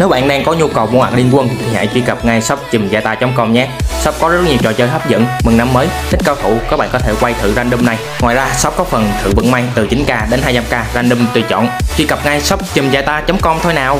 Nếu bạn đang có nhu cầu mua hàng liên quân thì hãy truy cập ngay shop chùm com nhé. Shop có rất nhiều trò chơi hấp dẫn, mừng năm mới, thích cao thủ các bạn có thể quay thử random này. Ngoài ra shop có phần thử vận may từ 9k đến 200k random tùy chọn. Truy cập ngay shop chùm com thôi nào.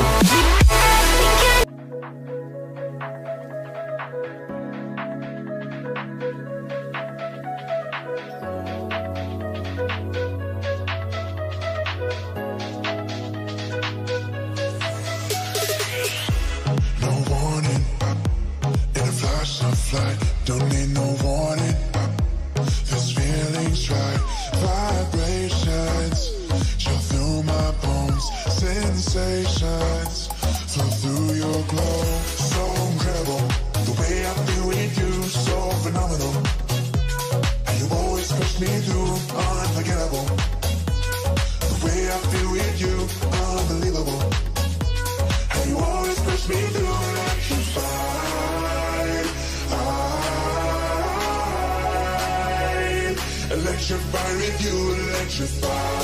electrify if you electrify.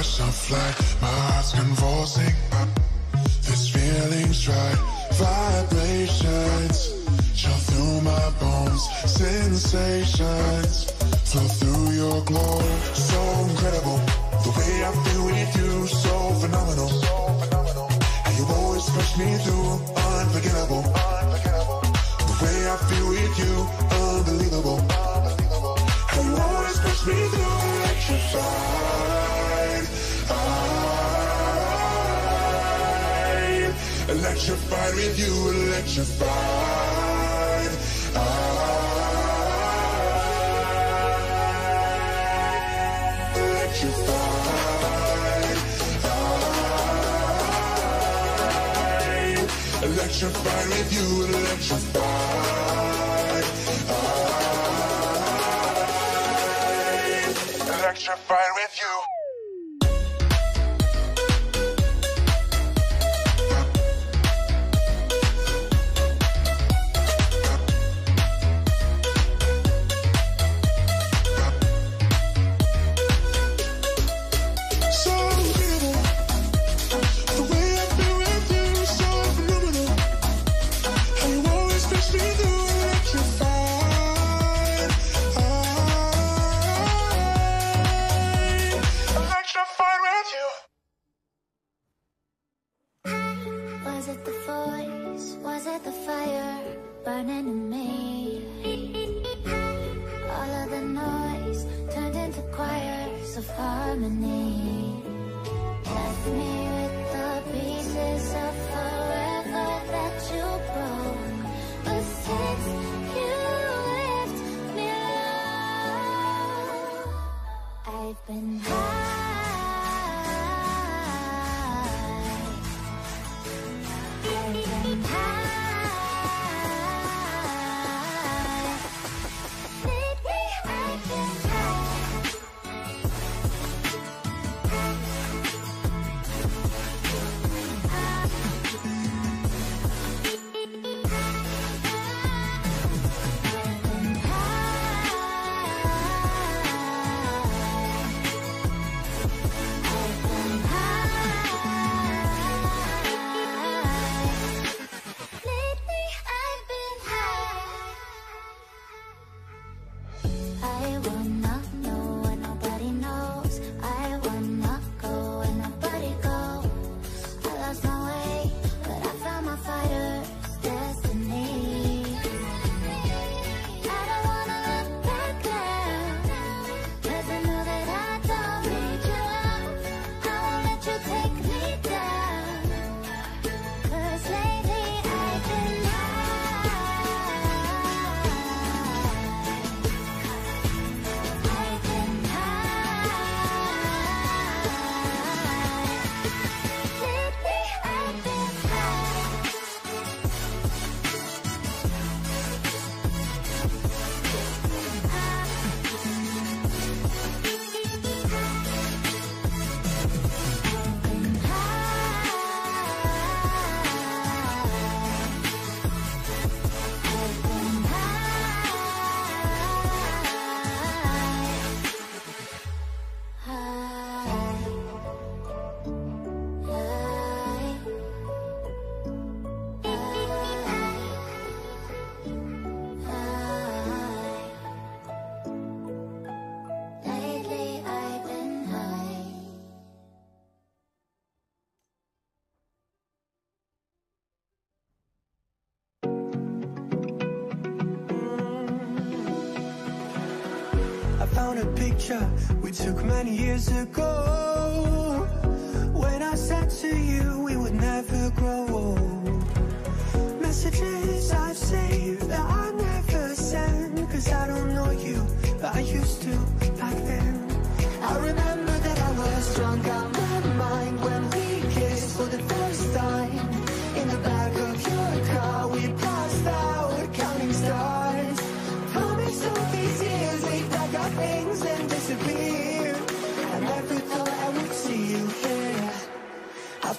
I shall fly My heart's convulsing This feeling's right Vibrations Shall through my bones Sensations Flow through your glow So incredible The way I feel with you So phenomenal And you always push me through Unforgettable The way I feel with you electrified with you electrified ah, electrified electrified with ah. you electrified ah, electrified one. a picture we took many years ago When I said to you we would never grow old Messages I've saved that I never send Cause I don't know you, but I used to back then I remember that I was drunk, I'm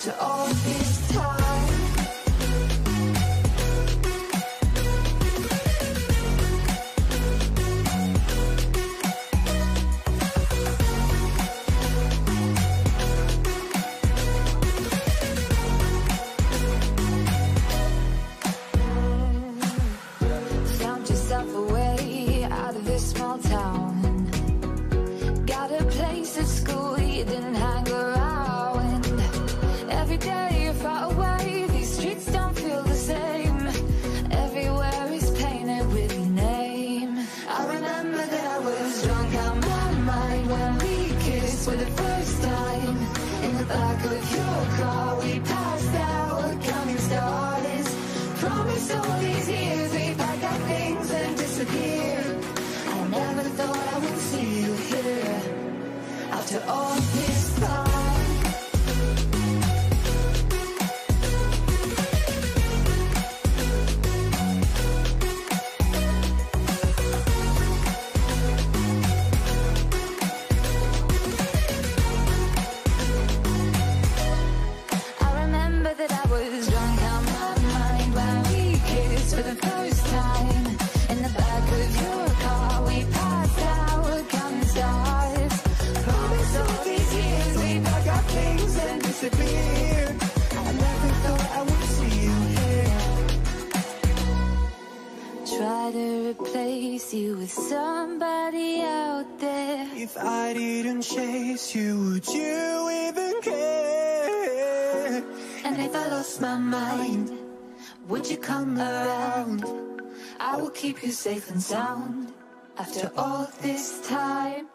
To all. Oh. If I didn't chase you, would you even care? And if I lost my mind, would you come around? I will keep you safe and sound after all this time.